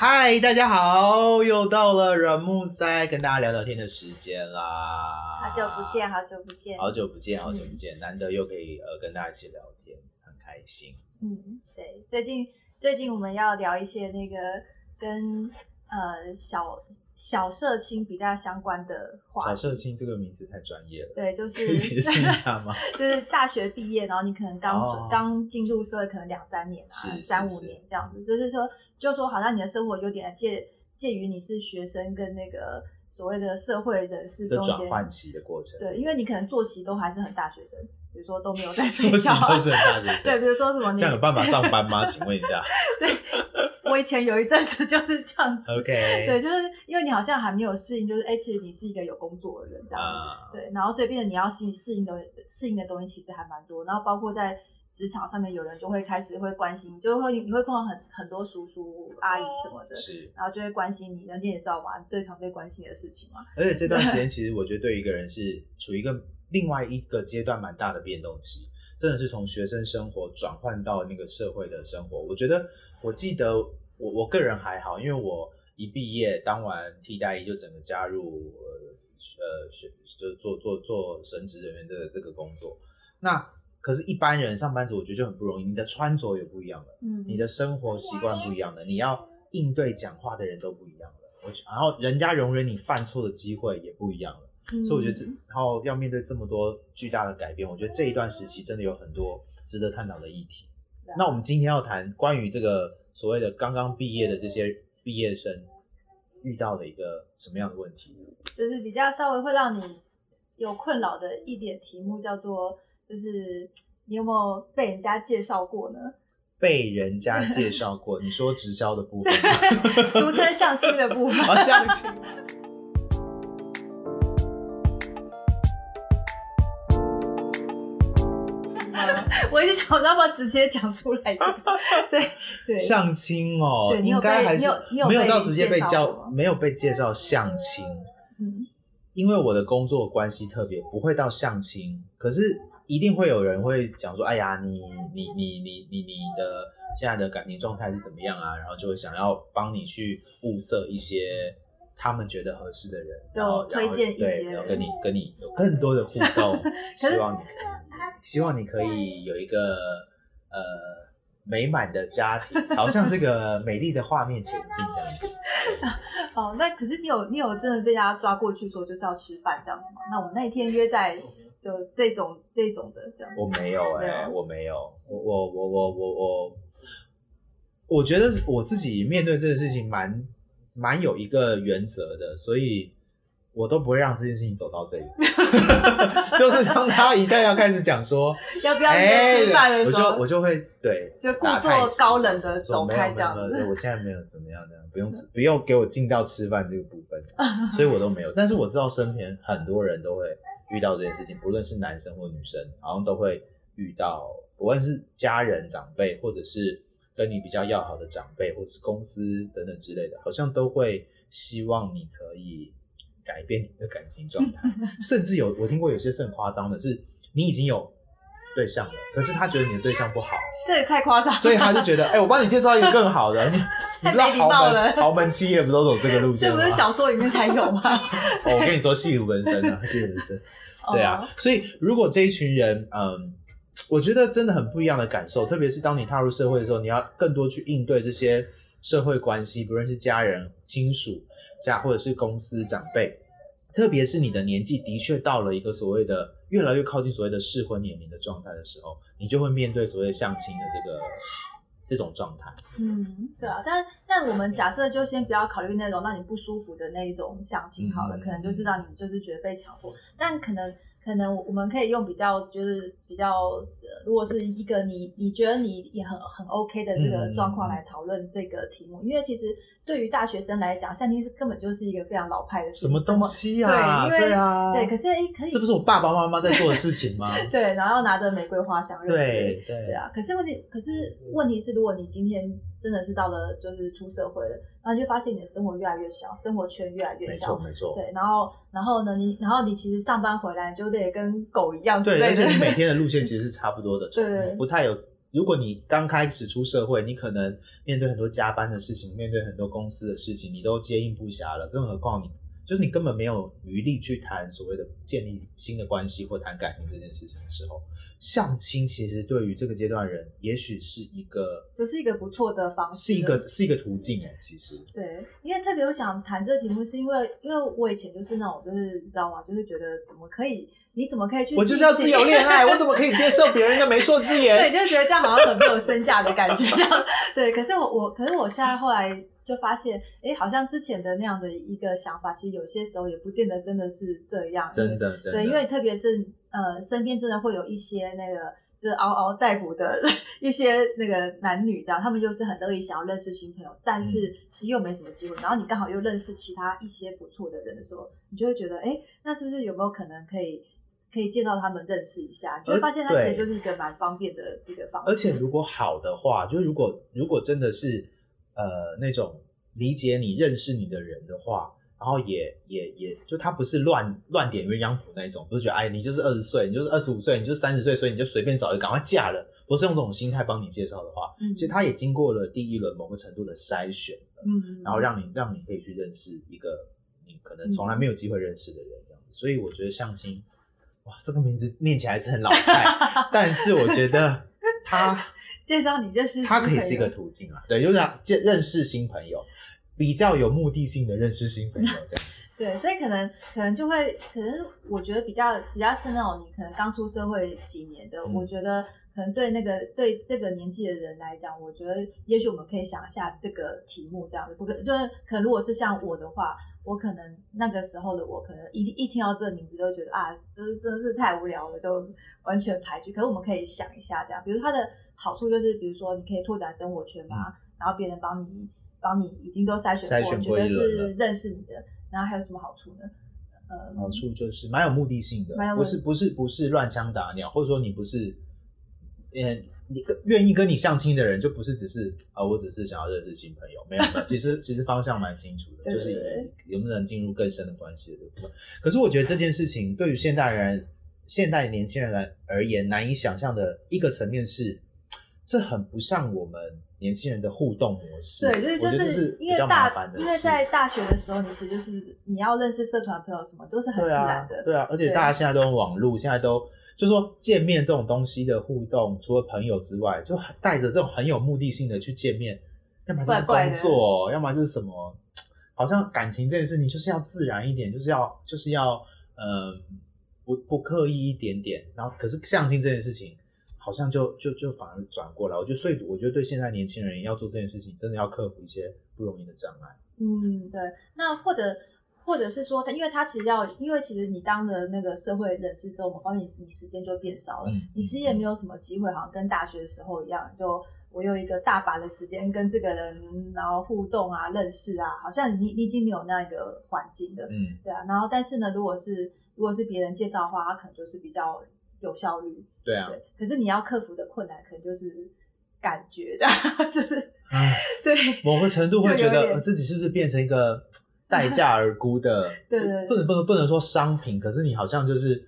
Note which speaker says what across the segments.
Speaker 1: 嗨，Hi, 大家好，又到了軟木塞跟大家聊聊天的時間啦！
Speaker 2: 好久不見，好久不見，好久不見，好久不
Speaker 1: 見，嗯、難得又可以、呃、跟大家一起聊天，很開心。嗯，
Speaker 2: 對，最近最近我們要聊一些那個跟。呃，小小社青比較相關的話，小
Speaker 1: 社青這個名字太專業了。對，就是可以解釋一下嗎？ 就是
Speaker 2: 大學畢業，然後你可能剛剛進入社會，可能兩三年啊，三五年這樣子，是是就是說，就說好像你的生活有點介介於你是學生跟那個所謂的社會人士中間轉換
Speaker 1: 期的過程。對，因
Speaker 2: 為你可能作息都還是很大學生，比如說都沒有在學校，作息都是很大學生。 對，比如說什麼你這樣有辦法上班嗎？ 請問一下。 對。我以前有一陣子就是這樣子，OK，對，就是因為你好像還沒有適應，就是哎、欸，其實你是一個有工作的人，這樣子，啊、對，然後所以變成你要適適應的適應的東西其實還蠻多，然後包括在職場上面，有人就會開始會關心，就會你會碰到很很多叔叔阿姨什麼的，是、嗯，然後就會關心你，那你也知道最常被關心的事情嘛。而且這段時間，
Speaker 1: 其實我覺得對一個人是處於一個 另外一個階段蠻大的變動期，真的是從學生生活轉換到那個社會的生活，我覺得。我記得我我個人還好，因為我一畢業當完替代役就整個加入呃，學就做做做神職人員的這個工作。那可是，一般人上班族我覺得就很不容易。你的穿着也不一樣了，嗯，你的生活習慣不一樣了，你要應對講話的人都不一樣了。我覺，然後人家容忍你犯錯的機會也不一樣了。嗯，所以我覺得這，然後要面對這麼多巨大的改變，我覺得這一段時期真的有很多值得探討的議題。那我們今天要談關於這個所謂的剛剛畢業的這些畢業生遇到的一個什麼樣的問題？
Speaker 2: 就是比較稍微會讓你有困擾的一點題目，叫做就是你有沒有被人家介紹過呢？
Speaker 1: 被人家介紹過， 你說直銷的部
Speaker 2: 分，
Speaker 1: 俗稱 相親
Speaker 2: 的部分，啊，相親。我一直想，要不要直接講出來？對，對相
Speaker 1: 親哦、喔，應該還是有，有沒有到直接被叫，沒有被介紹相親。嗯，因為我的工作的關係，特別不會到相親，可是一定會有人會講說：“哎呀，你你你你你你的現在的感情狀態是怎麼樣啊？”然後就會想要幫你去物色一些他們覺得合適的人，然
Speaker 2: 後對推薦一些，跟你
Speaker 1: 跟你有更多的互動， 是希望你可以。希望你可以有一個呃美滿的家庭，朝向這個美麗的畫面前進這
Speaker 2: 樣子。 好，那可是你有你有真的被人家抓過去說就是要吃飯這樣子嗎？那我們那一天約在就這種 這種的這樣子。我沒有哎、欸，
Speaker 1: 我沒有，我我我我我我，我覺得我自己面對這件事情蠻蠻有一個原則的，所以。我都不會讓這件事情走到這裡，
Speaker 2: 就是當
Speaker 1: 他一旦要開始講說
Speaker 2: 要不要你吃飯的時候，欸、我就我
Speaker 1: 就會對就故作
Speaker 2: 高冷的走開，這樣沒有沒有沒有對。我
Speaker 1: 現在沒有怎麼樣，的，不用 不用給我進到吃飯這個部分， 所以我都沒有。但是我知道身邊很多人都會遇到這件事情，不論是男生或女生，好像都會遇到。不論是家人、長輩，或者是跟你比較要好的長輩，或者是公司等等之類的，好像都會希望你可以。改變你的感情狀態，甚至有我聽過有些是很誇張的，是你已經有對象了，可是他覺得你的對象不好，
Speaker 2: 這也太誇張了，所以他就覺
Speaker 1: 得，哎、欸，我幫你介紹一個更好的， 你不知道豪門，太沒禮貌了。豪門企業不都走這個路線嗎？這不是小
Speaker 2: 說裡面才有嗎？ 對 哦、我跟你說，
Speaker 1: 戲如人生啊，戲如人生。
Speaker 2: 對啊，oh。
Speaker 1: 所以如果這一群人，嗯，我覺得真的很不一樣的感受，特別是當你踏入社會的時候，你要更多去應對這些社會關係，不論是家人、親屬。家或者是公司長輩，特別是你的年紀的確到了一個所謂的越來越靠近所謂的適婚年齡的狀態的時候，你就會面對所謂相親的這個這種狀態。
Speaker 2: 嗯，對啊，但但我們假設就先不要考慮那種讓你不舒服的那一種相親好了，嗯、可能就是讓你就是覺得被強迫，嗯、但可能可能我們可以用比較就是。比較，如果是一個你你覺得你也很很 OK 的這個狀況來討論這個題目，嗯嗯、因為其實對於大學生來講，相親是根本就是一個非常老派的事情什麼東西啊？對，因為對,、啊、對，可
Speaker 1: 是哎、欸，可以，這不是我爸爸媽媽在做的事情嗎？
Speaker 2: 對,對，然後拿着玫瑰花相約，對對啊。可是問題，可是問題是，如果你今天真的是到了就是出社會了，那你就發現你的生活越來越小，生活圈越來越小，沒錯沒錯。對，然後然後呢，你然後你其實上班回來你就得跟狗一樣，對，對對但是你每
Speaker 1: 天的。路線其實是差不多的，對對對，不太有。如果你剛開始出社會，你可能面對很多加班的事情，面對很多公司的事情，你都接應不暇了。更何況你就是你根本沒有餘力去談所謂的建立新的關係或談感情這件事情的時候。相親其實對於這個階段人，也許是一個，
Speaker 2: 就是一個不錯的方式的，是一個
Speaker 1: 是一個途徑
Speaker 2: 哎，其實對，因為特別我想談這個題目，是因為因為我以前就是那種就是你知道嗎？就是覺得怎麼可以，你怎麼可以去，我就是要自由戀愛，我怎麼可以接受別人的媒妁之言？ 對，就是覺得這樣好像很沒有身價的感覺， 這樣對。可是我我可是我現在後來就發現，哎，好像之前的那樣的一個想法，其實有些時候也不見得真的是這樣，真的，真的。對，因為特別是。呃，身邊真的會有一些那個，就是嗷嗷待哺的 一些那個男女，這樣他們就是很樂意想要認識新朋友，但是其實又沒什麼機會。然後你剛好又認識其他一些不錯的人的時候，你就會覺得，哎、欸，那是不是有沒有可能可以可以介紹他們認識一下？就會發現那其實就是一個蠻方便的一個方式。而且
Speaker 1: 如果好的話，就是如果如果真的是呃那種理解你、認識你的人的話。然後也也也就他不是亂亂點鴛鴦譜那一種，不是覺得哎，你就是二十歲，你就是二十五歲，你就是三十歲，所以你就隨便找一個趕快嫁了。不是用這種心態幫你介紹的話，嗯、其實他也經過了第一輪某個程度的篩選嗯，嗯，然後讓你讓你可以去認識一個你可能從來沒有機會認識的人這樣子。所以我覺得相親，哇，這個名字念起來是很老派，
Speaker 2: 但是我覺得他 介紹你認識他可以是一個途
Speaker 1: 徑啊，對，就是讓認識新朋友。嗯嗯，比較有目的性的認識新
Speaker 2: 朋友這樣、嗯，對，所以可能可能就會可能我覺得比較比較是那種你可能剛出社會幾年的，嗯、我覺得可能對那個對這個年紀的人來講，我覺得也許我們可以想一下這個題目這樣子，不可就是可能如果是像我的話，我可能那個時候的我可能一一聽到這個名字都覺得啊，這真是太無聊了，就完全排拒。可是我們可以想一下這樣，比如它的好處就是，比如說你可以拓展生活圈嘛、啊，嗯、然後別人幫你。幫你已經都篩選過，篩選過覺得是認識你的。了然後還有什麼好處
Speaker 1: 呢？呃、嗯，好處就是蠻有目的性的，的性不是不是不是亂槍打鳥，或者說你不是，呃，你願意跟你相親的人就不是只是啊、哦，我只是想要認識新朋友，沒有，沒有其實 其實方向蠻清楚的，對就是有沒有能進入更深的關係裡，可是我覺得這件事情對於現代人、現代年輕人來而言難以想象的一個層面是。這很不像我們年輕人的互動模式。對，就是就是比較麻煩的。因為大，因為在
Speaker 2: 大學的時候，你其實就是你要認識社團朋友什麼，都是很自然的。對啊，對啊對啊，而且大家現
Speaker 1: 在都很網絡，啊、現在都就是說見面這種東西的互動，除了朋友之外，就帶着這種很有目的性的去見面，
Speaker 2: 怪怪要麼就是工作，
Speaker 1: 要麼就是什麼，好像感情這件事情就是要自然一點，就是要就是要嗯、呃、不不刻意一點點。然後可是相親這件事情。好像就就就反而轉過來，我就所以我覺得對現在，年輕人要做這件事情，真的要克服一些不容易的障礙。
Speaker 2: 嗯，對。那或者或者是說，他因為他其實要，因為其實你當了那個社會人士之後，我們發現你你時間就變少了，嗯、你其實也沒有什麼機會，好像跟大學的時候一樣，就我有一個大把的時間跟這個人然後互動啊、認識啊，好像你你已經沒有那個環境的。嗯，對啊。然後但是呢，如果是如果是別人介紹的話，他可能就是比較有效率，對啊對，可是你要克服的困難可能就是感覺的，就是，唉對，
Speaker 1: 某個程度會覺得自己是不是變成一個待價而沽的， 對
Speaker 2: 對，對，不能不
Speaker 1: 能不能說商品，可是你好像就是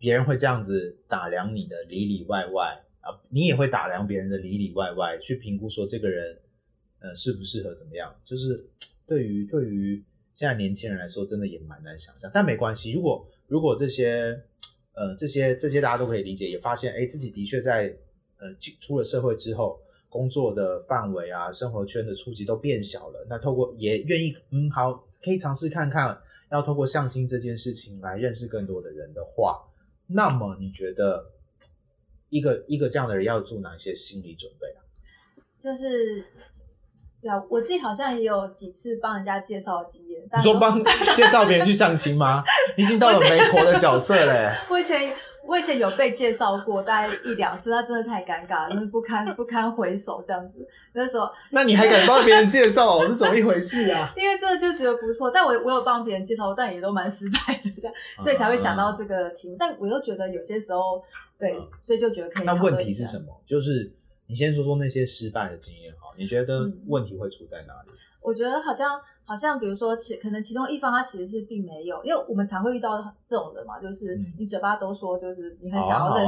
Speaker 1: 別人會這樣子打量你的裡裡外外啊，你也會打量別人的裡裡外外去評估說這個人，呃，適不適合怎麼樣，就是對於對於現在年輕人來說，真的也蠻難想象，但沒關係，如果如果這些。呃，這些這些大家都可以理解，也發現哎，自己的確在呃，出了社會之後，工作的範圍啊、生活圈的觸及都變小了。那透過也願意，嗯好，可以嘗試看看，要透過相親這件事情來認識更多的人的話，那麼你覺得一個一個這樣的人要做哪些心理準備啊？
Speaker 2: 就是。對啊，我自己好像也有幾次幫人家介紹的經驗。但是你說幫 介紹別人去相親嗎？
Speaker 1: 已經到了媒婆的角色了。
Speaker 2: 我以前我以前有被介紹過，大概一兩次，那真的太尷尬了，就是不堪不堪回首這樣子。那時候，那你還敢幫別
Speaker 1: 人介紹，哦， 是怎麼一回事啊？
Speaker 2: 因為真的就覺得不錯，但我我有幫別人介紹，但也都蠻失敗的，這樣，所以才會想到這個題目。嗯嗯，但我又覺得有些時候，對，嗯、所以就覺得可以。那問題是什
Speaker 1: 麼？就是你先說說那些失敗的經驗。你覺得問題會出在哪裡？
Speaker 2: 嗯、我覺得好像好像，比如說其可能其中一方他其實是並沒有，因為我們常會遇到這種人嘛，就是你嘴巴都說，就是你很想要認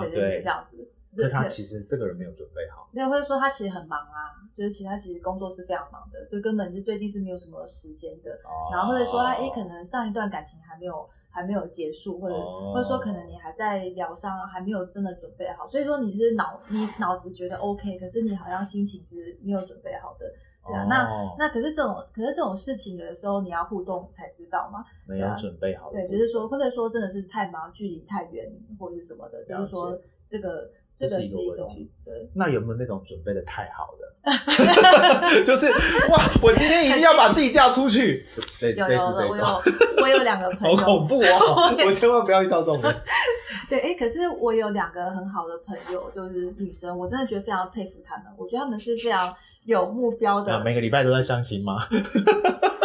Speaker 2: 識誰誰誰這樣子，哦啊啊啊、對，對他其實這個人沒有準備好，沒有或者說他其實很忙啊，就是其實他其實工作是非常忙的，就根本是最近是沒有什麼時間的，哦、然後或者說他也可能上一段感情還沒有。還沒有結束，或者、oh. 或者說可能你還在療傷啊，還沒有真的準備好。所以說你是腦你腦子覺得 OK，可是你好像心情是沒有準備好的，
Speaker 1: 對啊。Oh. 那那
Speaker 2: 可是這種可是這種事情的時候，你要互動才知道嘛。啊、
Speaker 1: 沒有準備好的，對，
Speaker 2: 就是說或者說真的是太忙，距離太遠或者是什麼的，了解。就是說這個。這是一個問題。對，
Speaker 1: 那有沒有那種準備得太好的，
Speaker 2: 就是哇，
Speaker 1: 我今天一定要把自己嫁出去， 類似類似這一種
Speaker 2: 我。我有兩個朋友，好恐怖哦！我，也我千
Speaker 1: 萬不要遇到這種人。
Speaker 2: 對，哎、欸，可是我有兩個很好的朋友，就是女生，我真的覺得非常佩服他們。我覺得他們是非常有目標的。
Speaker 1: 每個禮拜都在相親嗎？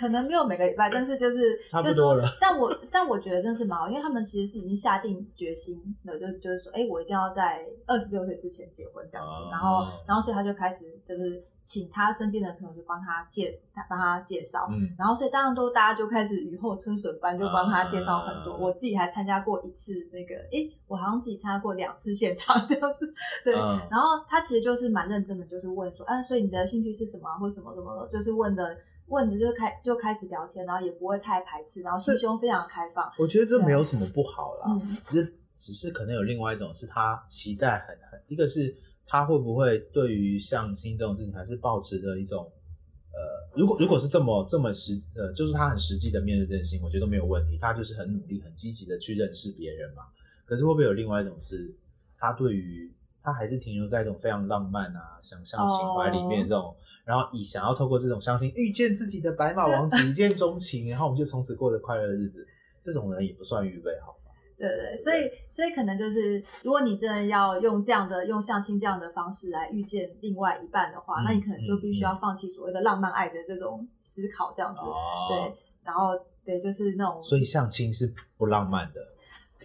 Speaker 2: 可能沒有每個禮拜，但是就是差不多了。但我但我覺得真是蠻好，因為他們其實是已經下定決心了，就就是說，哎、欸，我一定要在二十六歲之前結婚這樣子。然後、哦、然後，然後所以他就開始就是請他身邊的朋友就幫他介幫他介紹、嗯嗯。然後所以當然都大家就開始雨後春筍般就幫他介紹很多。哦、我自己還參加過一次那個，哎、欸，我好像自己參加過兩次現場這樣子。對，然後他其實就是蠻認真的，就是問說，哎、啊，所以你的興趣是什麼、啊，或什麼什麼的，就是問的。問的就開就開始聊天，然後也不會太排斥，然後心胸非常開放。
Speaker 1: 我覺得這沒有什麼不好啦，嗯、只是只是可能有另外一種是他期待很很，一個是他會不會對於相親這種事情還是抱持着一種呃，如果如果是這麼這麼實，就是他很實際的面對真心，我覺得沒有問題，他就是很努力很積極的去認識別人嘛。可是會不會有另外一種是，他對於他還是停留在一種非常浪漫啊、想象情懷裡面這種。哦然後以想要透過這種相親遇見自己的白馬王子，一見鍾情， 然後我們就從此過着快樂的日子。這種人也不算預備好，好
Speaker 2: 吧？對對，對對，所以所以可能就是，如果你真的要用這樣的用相親這樣的方式來遇見另外一半的話，嗯、那你可能就必須要放棄所謂的浪漫愛的這種思考，這樣子。哦、對，然後對，就是那種。
Speaker 1: 所以相親是不浪漫的。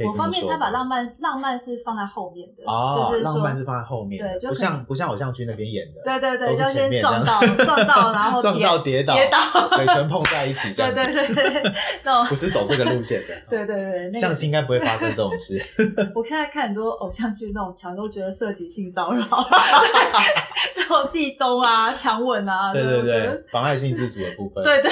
Speaker 1: 我方便，他把
Speaker 2: 浪漫浪漫是放在後面的，就是浪漫是
Speaker 1: 放在後面，對，不像不像偶像劇那邊演的，對對對，都先撞到撞到，然後撞到跌倒，跌倒，嘴唇碰在一起這樣，對對對
Speaker 2: 對，那種不是走這個
Speaker 1: 路線的，
Speaker 2: 對對對，相親應該不會發生這種事。我現在看很多偶像劇，那種橋都覺得涉及性騷擾。最後 壁咚啊，強吻啊，對對對，對對
Speaker 1: 對妨礙性自主的部分。 對
Speaker 2: 對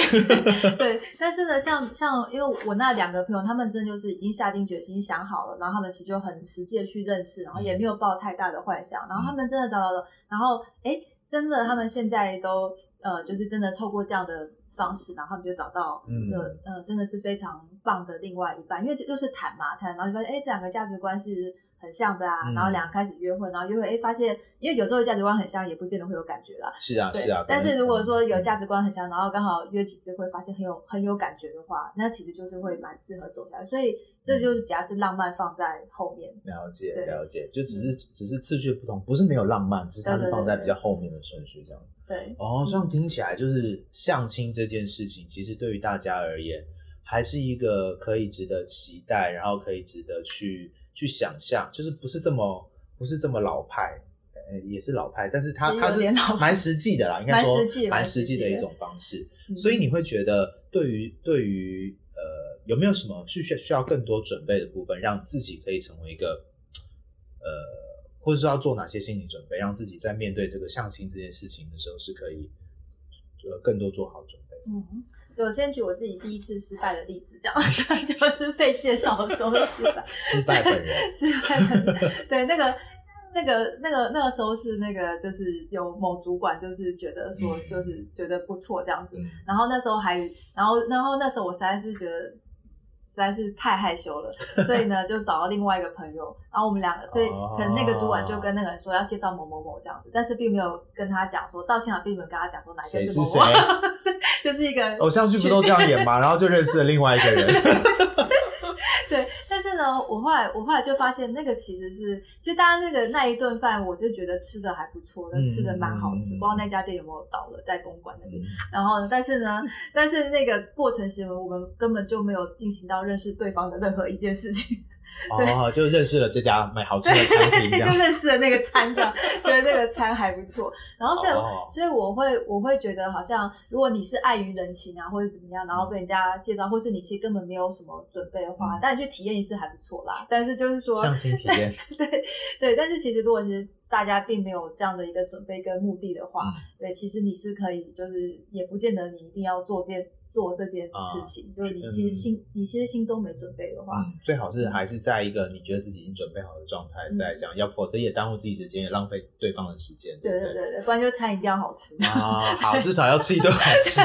Speaker 2: 對，對，但是呢，像像因為我那兩個朋友，他們真的就是已經下定決心，想好了，然後他們其實就很實際的去認識，然後也沒有抱太大的幻想，嗯、然後他們真的找到了，然後哎、欸，真的他們現在都呃，就是真的透過這樣的方式，然後他們就找到的，嗯、呃，真的是非常棒的另外一半，因為這又是談嘛談，然後就發現哎、欸，這兩個價值觀是。很像的啊，然後兩個開始約會，然後約會哎發現，因為有時候價值觀很像，也不見得會有感覺啦。是啊，對是啊。但是如果說有價值觀很像，然後剛好約幾次會，發現很有很有感覺的話，那其實就是會蠻適合走下來。所以這就是比較是浪漫放在後面。嗯、
Speaker 1: 對了解，了解，就只是只是次序不同，不是沒有浪漫，對只是它是放在比較後面的順序這樣。
Speaker 2: 對。對
Speaker 1: 對哦，這樣聽起來就是相親這件事情，其實對於大家而言，還是一個可以值得期待，然後可以值得去。去想象就是不是這麼不是這麼老派，欸，也是老派，但是他他是蠻實際的啦，的應該說蠻實際，對實際的一種方式。嗯、所以你會覺得對，對於對於呃，有沒有什麼去需需要更多準備的部分，讓自己可以成為一個呃，或者說要做哪些心理準備，讓自己在面對這個相親這件事情的時候，是可以呃更多做好準備。嗯
Speaker 2: 對，我先舉我自己第一次失敗的例子，這樣 就是被介紹的時候吧，失敗， 失敗， 失敗，對，那個那個那個那個時候是那個就是有某主管就是覺得說就是覺得不錯這樣子，嗯、然後那時候還然後然後那時候我實在是覺得。實在是太害羞了， 所以呢，就找到另外一個朋友，然後我們兩個， 所以可能那個主管就跟那個人說要介紹某某某這樣子，但是並沒有跟他講說到現在並沒有跟他講說哪一個是誰，誰是誰 就是一個偶像劇不都這樣演嗎？
Speaker 1: 然後就認識了另外一個人。
Speaker 2: 但是呢，我後來我後來就發現，那個其實是，其實大家那個那一頓飯，我是覺得吃的還不錯，的，嗯、吃，吃的蠻好吃，嗯、不知道那家店有沒有倒了，在公館那邊。嗯、然後，但是呢，但是那個過程時我們根本就沒有進行到認識對方的任何一件事情。哦，oh,
Speaker 1: 對就認識了這家賣好吃的餐廳，就認
Speaker 2: 識了那個餐廳， 覺得那個餐還不錯。然後所以、oh. 所以我會我會覺得，好像如果你是礙於人情啊，或者怎麼樣，然後被人家介紹，嗯、或是你其實根本沒有什麼準備的話，嗯、但你去體驗一次還不錯啦。但是就是說相親體驗， 對對。但是其實如果其實大家並沒有這樣的一個準備跟目的的話，嗯、對，其實你是可以，就是也不見得你一定要做這。做這件事情，就是你其實心你其實心中沒準備的話，
Speaker 1: 最好是還是在一個你覺得自己已經準備好的狀態再講，要否則也耽誤自己時間，也浪費對方的時間。
Speaker 2: 對對對對，不然就餐一定要好吃啊，好至
Speaker 1: 少要吃一頓好吃，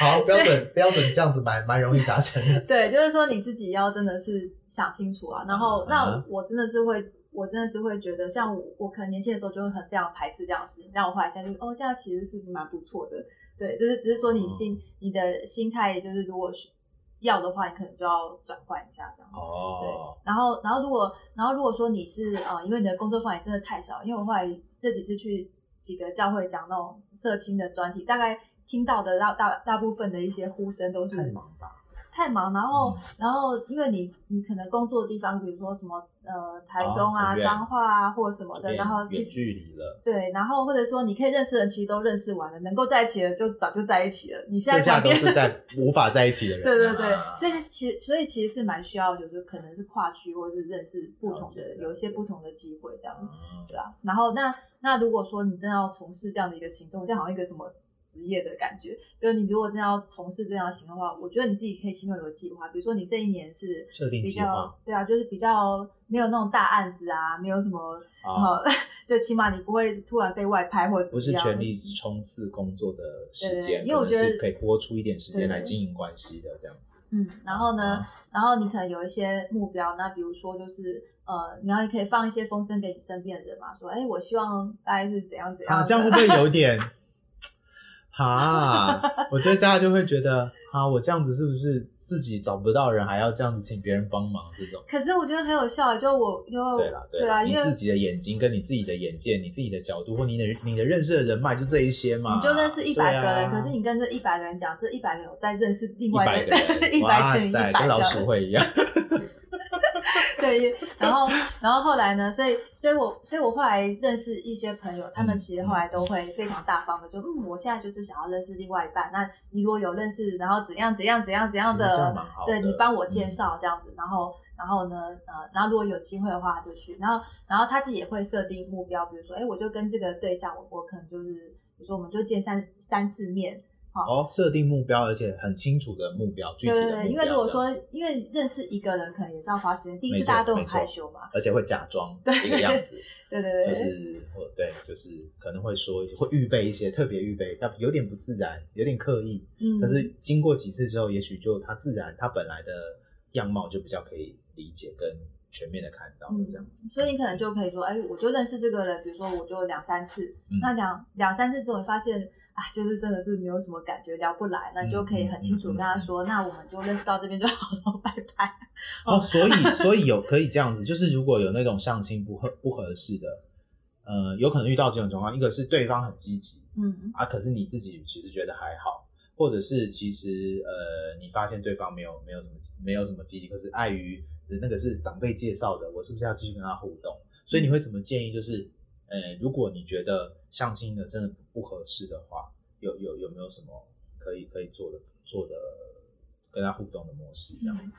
Speaker 1: 好標準標準這樣子蠻蠻容易達成的。
Speaker 2: 對，就是說你自己要真的是想清楚啊，然後那我真的是會，我真的是會覺得，像我我可能年輕的時候就會很非常排斥這樣的事情，但我發現一下，就是哦，這樣其實是蠻不錯的。對，只是只是說你心，嗯、你的心態就是，如果要的話，你可能就要轉換一下這樣子。哦。對，然後，然後如果，然後如果說你是啊、嗯，因為你的工作範圍真的太少，因為我後來這幾次去幾個教會講那種社青的專題，大概聽到的大，大大大部分的一些呼聲都是很忙吧。太忙，然後，嗯、然後因為你，你可能工作的地方，比如說什麼，呃，台中啊，哦、彰化啊，或者什麼的，就然後其實對，然後或者說你可以認識的人，其實都認識完了，能夠在一起的就早就在一起了。你現在下都是在
Speaker 1: 無法在一起的人。對對
Speaker 2: 對，啊、所以其實所以其實是蠻需要的，就是可能是跨區，或者是認識不同的，有一些不同的機會這樣，嗯，對吧，啊。然後那那如果說你真要從事這樣的一個行動，這好像一個什麼？職業的感覺，就你如果真要從事這樣的行的話，我覺得你自己可以心中有個計劃，比如說你這一年是設定計劃，對啊，就是比較沒有那種大案子啊，沒有什麼，啊嗯、就起碼你不會突然被外拍或者不是全力
Speaker 1: 衝刺工作的時間，因為我覺得可，是可以撥出一點時間來經營關係的這樣子對
Speaker 2: 對對。嗯，然後呢，嗯、然後你可能有一些目標，那比如說就是呃，然後你可以放一些風聲給你身邊的人嘛，說哎、欸，我希望大家是怎樣怎樣、啊啊，這樣會不會有一
Speaker 1: 點？ 哈、 啊，我覺得大家就會覺得啊，我這樣子是不是自己找不到人，還要這樣子請別人幫忙這種？
Speaker 2: 可是我覺得很有效，就我因對啦，對啦，為你自己
Speaker 1: 的眼睛跟你自己的眼界，你自己的角度對或你的你的認識的人脈就這一些嘛？你就認識一百、啊、個人，可是你
Speaker 2: 跟這一百個人講，這一百個人再認識另外一百個，哇塞，跟老鼠會一樣。 對，然後，然後後來呢？所以，所以我，所以我後來認識一些朋友，他們其實後來都會非常大方的，就嗯，我現在就是想要認識另外一半，那你如果有認識，然後怎樣怎樣怎樣怎樣的，的對，你幫我介紹這樣子，然後，然後呢，呃，然後如果有機會的話就去，然後，然後他自己也會設定目標，比如說，哎，我就跟這個對象，我我可能就是，比如說，我們就見三三四面。
Speaker 1: 哦，設定目標，而且很清楚的目標，具體的。對對，對，對，因
Speaker 2: 為如果說，因為認識一個人可能也是要花時間。第一次大家都很害羞嘛。
Speaker 1: 而且會假裝這個樣子。
Speaker 2: 對，對對對。就是、
Speaker 1: 嗯、對，就是可能會說一些，會預備一些，特別預備，但有點不自然，有點刻意。嗯。但是經過幾次之後，也許就他自然，他本來的樣貌就比較可以理解跟全面的看到這
Speaker 2: 樣子，嗯。所以你可能就可以說，哎、欸，我就認識這個人，比如說我就兩三次，嗯，那兩兩三次之後你發現。啊，就是真的是沒有什麼感覺聊不來，那你就可以很清楚跟他說，嗯嗯嗯、那我們就認識到這邊就好，拜
Speaker 1: 拜。哦，所以所以有可以這樣子，就是如果有那種相親不合不合適的，呃，有可能遇到這種情況，一個是對方很積極，嗯啊，可是你自己其實覺得還好，或者是其實呃你發現對方沒有沒有什麼沒有什麼積極，可是礙於那個是長輩介紹的，我是不是要繼續跟他互動？所以你會怎麼建議？就是。呃，如果你覺得相親的真的不合適的話，有有有沒有什麼可以可以做的做的跟他互動的模式
Speaker 2: 這樣子，嗯？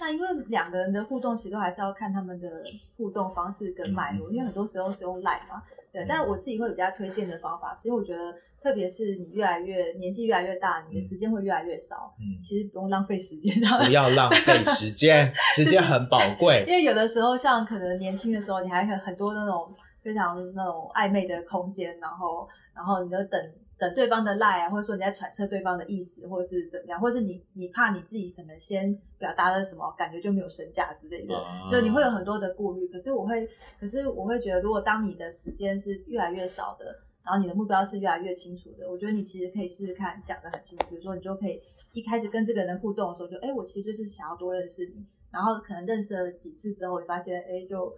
Speaker 2: 那因為兩個人的互動其實都還是要看他們的互動方式跟脈絡，嗯嗯、因為很多時候是用賴嘛。對，嗯、但是我自己會有比較推薦的方法，是因為我覺得特別是你越來越年紀越來越大，你的時間會越來越少。嗯，其實不用浪費時間，嗯、這樣不要浪費時
Speaker 1: 間， 時間很寶貴、就是。因
Speaker 2: 為有的時候，像可能年輕的時候，你還很很多那種。非常那種曖昧的空間，然後，然後你就等等對方的賴，啊，或者說你在揣測對方的意思，或者是怎麼樣，或是你你怕你自己可能先表達了什麼感覺就沒有身價之類的，所以你會有很多的顧慮。可是我會，可是我會覺得，如果當你的時間是越來越少的，然後你的目標是越來越清楚的，我覺得你其實可以試試看講得很清楚。比如說，你就可以一開始跟這個人互動的時候，就哎、欸，我其實就是想要多認識你，然後可能認識了幾次之後，你發現哎、欸、就。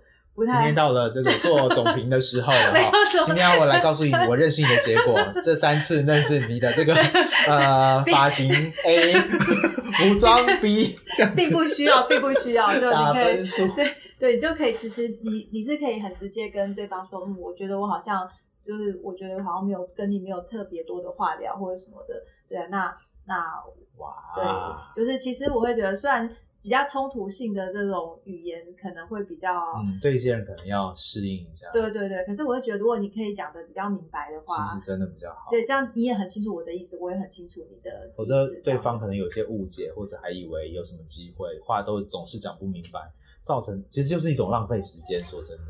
Speaker 2: 今天到
Speaker 1: 了這個做總評的時候了哈、哦。 今天我來告訴你我認識你的結果。 這三次認識你的這個 呃髮型 A， 服裝 B 這樣子，並不需要，並不需要，就你可以 打分數。
Speaker 2: 對對，你就可以，其實你你是可以很直接跟對方說，嗯，我覺得我好像就是我覺得好像沒有跟你沒有特別多的話聊或者什麼的，對啊，那那哇，就是其實我會覺得雖然。比較衝突性的這種語言可能會比較，嗯，
Speaker 1: 對一些人可能要適應一下。對
Speaker 2: 對對，可是我會覺得，如果你可以講得比較明白的話，其實
Speaker 1: 真的比較好。對，這
Speaker 2: 樣你也很清楚我的意思，我也很清楚你的意思。否
Speaker 1: 則對方可能有些誤解，或者還以為有什麼機會，話都總是講不明白，造成其實就是一種浪費時間。說真的。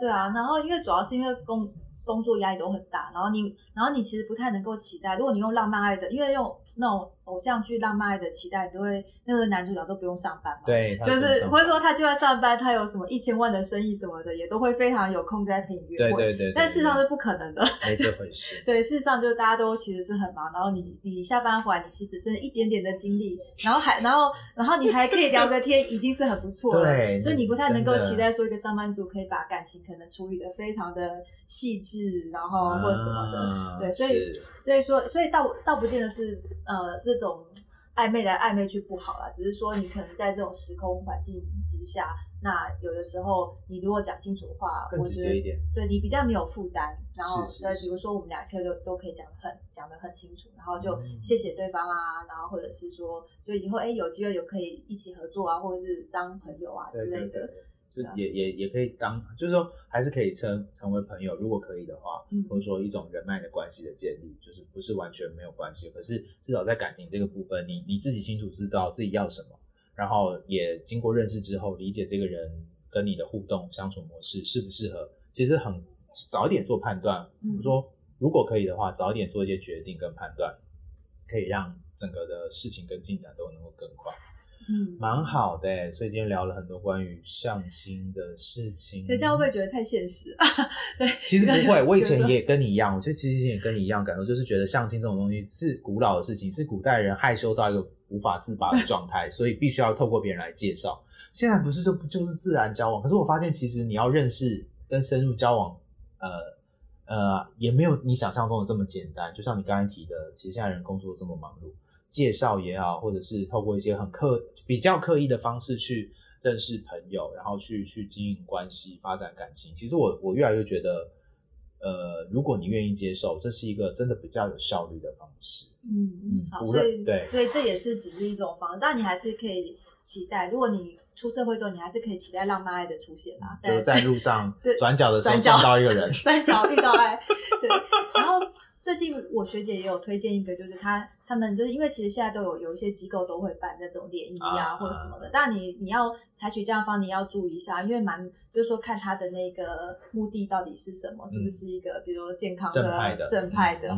Speaker 2: 對啊，然後因為主要是因為公，工作壓力都很大，然後你，然後你其實不太能夠期待，如果你用浪漫愛的，因為用那種偶像劇浪漫愛的期待，你都會那個男主角都不用上班嘛，
Speaker 1: 對，就是或
Speaker 2: 者說他就在上班，他有什麼一千萬的生意什麼的，也都會非常有空在陪你約會。對,對對對。但事實上是不可能的，沒這回
Speaker 1: 事。
Speaker 2: 對，事實上就是大家都其實是很忙，然後你你下班回來，你其實只剩一點點的精力， 然後還然後然後你還可以聊個天， 已經是很不錯了。對，所以你不太能夠期待說一個上班族可以把感情可能處理的非常的細緻。是，然後或者什麼的，啊、對，所以是所以說，所以倒倒不見得是呃這種曖昧來曖昧去不好啦，只是說你可能在這種時空環境之下，那有的時候你如果講清楚的話，更直接一點，我覺得，對你比較沒有負擔。然後，是是是對，比如說我們倆可以都都可以講得很講得很清楚，然後就謝謝對方啊，嗯、然後或者是說就以後哎有機會有可以一起合作啊，或者是當朋友啊對對對之類的。就也
Speaker 1: 也也可以當，就是說還是可以成成為朋友，如果可以的話，或者說一種人脈的關係的建立，就是不是完全沒有關係。可是至少在感情這個部分，你你自己清楚知道自己要什麼，然後也經過認識之後，理解這個人跟你的互動相處模式適不適合，其實很早一點做判斷，比如說如果可以的話，早一點做一些決定跟判斷，可以讓整個的事情跟進展都能夠更快。嗯，蠻好的、欸，所以今天聊了很多關於相親的事情。你這樣會不會
Speaker 2: 覺得太現實啊？對，其實不會， 我以前也
Speaker 1: 跟你一樣，我就其實也跟你一樣感受，就是覺得相親這種東西是古老的事情，是古代人害羞到一個無法自拔的狀態，所以必須要透過別人來介紹。對 現在不是說不就是自然交往，可是我發現其實你要認識跟深入交往，呃呃，也沒有你想象中的這麼簡單。就像你剛才提的，其實現在人工作這麼忙碌。介紹也好，或者是透過一些很刻、比較刻意的方式去認識朋友，然後去去經營關係、發展感情。其實我我越來越覺得，呃，如果你願意接受，這是一個真的比較有效率的方式。
Speaker 2: 嗯嗯，好，所以對，所以這也是只是一種方式，但你還是可以期待，如果你出社會之後，你還是可以期待浪漫愛的出現嘛？就是在
Speaker 1: 路上轉角的時候見到一個人，
Speaker 2: 轉角遇到愛，對，然後。最近我學姐也有推薦一個，就是他他們就是因為其實現在都有有一些機構都會辦那種聯誼啊或者什麼的，但你你要採取這樣方你要注意一下，因為蠻就是說看他的那個目的到底是什麼，是不是一個比如健康的正派的正派的。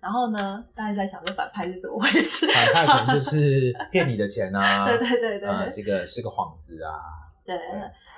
Speaker 2: 然後呢，大家在想說反派是怎麼回事，反派可能就
Speaker 1: 是騙你的錢啊，對對對對，是個是個幌子啊，
Speaker 2: 對，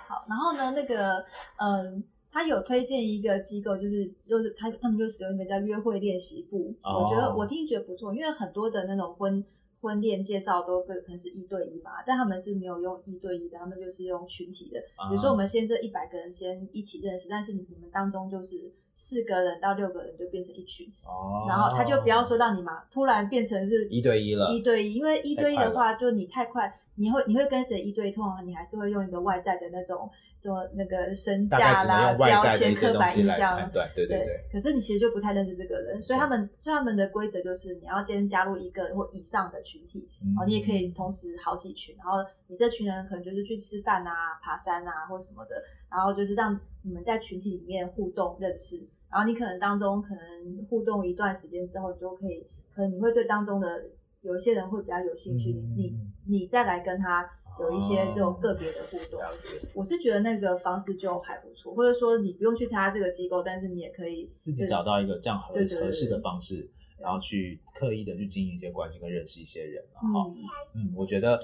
Speaker 2: 好，然後呢那個嗯。他有推薦一個機構，就是，就是就是他他們就使用一個叫約會練習部。Oh. 我覺得我聽覺得不錯，因為很多的那種婚婚戀介紹都可能是一對一嘛，但他們是沒有用一對一的，他們就是用群體的。Oh. 比如說我們先這一百個人先一起認識，但是你你們當中就是四個人到六個人就變成一群，oh. 然後他就不要說到你嘛，突然變成是一對一了，一對一，因為一對一的話就你太快。你會你會跟誰一對通啊？你還是會用一個外在的那種什麼那個身價啦、標籤、刻板印象，對
Speaker 1: 對對，對，對。
Speaker 2: 可是你其實就不太認識這個人，所以他們是所以他們的規則就是你要先加入一個或以上的群體，然後你也可以同時好幾群，然後你這群人可能就是去吃飯啊、爬山啊或什麼的，然後就是讓你們在群體裡面互動認識，然後你可能當中可能互動一段時間之後，你就可以可能你會對當中的。有一些人會比較有興趣，嗯、你你再來跟他有一些這種個別的互動、嗯、了解，我是覺得那個方式就還不錯，或者說你不用去參加這個機構，但是你也可以自己找
Speaker 1: 到一個這樣好合適的方式，然後去刻意的去經營一些關係跟認識一些人
Speaker 2: 嘛、嗯。嗯，我
Speaker 1: 覺得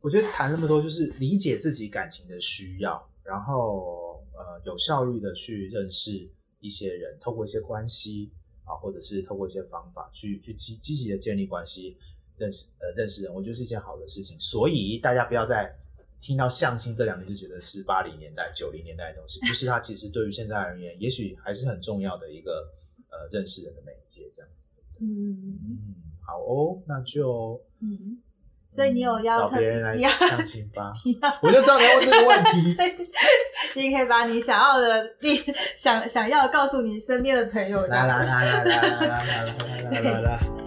Speaker 1: 我覺得談那麼多就是理解自己感情的需要，然後呃有效率的去認識一些人，透過一些關係啊，或者是透過一些方法去去積積極的建立關係。認識呃認識人，我覺得是一件好的事情，所以大家不要再聽到相親這兩個字就覺得是八零年代、九零 年代的東西，不、就是它其實對於現在而言，也許還是很重要的一個呃認識人的媒介這樣子。對嗯
Speaker 2: 嗯，
Speaker 1: 好哦，那就嗯，
Speaker 2: 所以你有要找別人來相親吧？我就知道你要問這個問題， 所以你可以把你想要的你想想要的告訴你身邊的朋友，來來來來來來來來
Speaker 1: 來。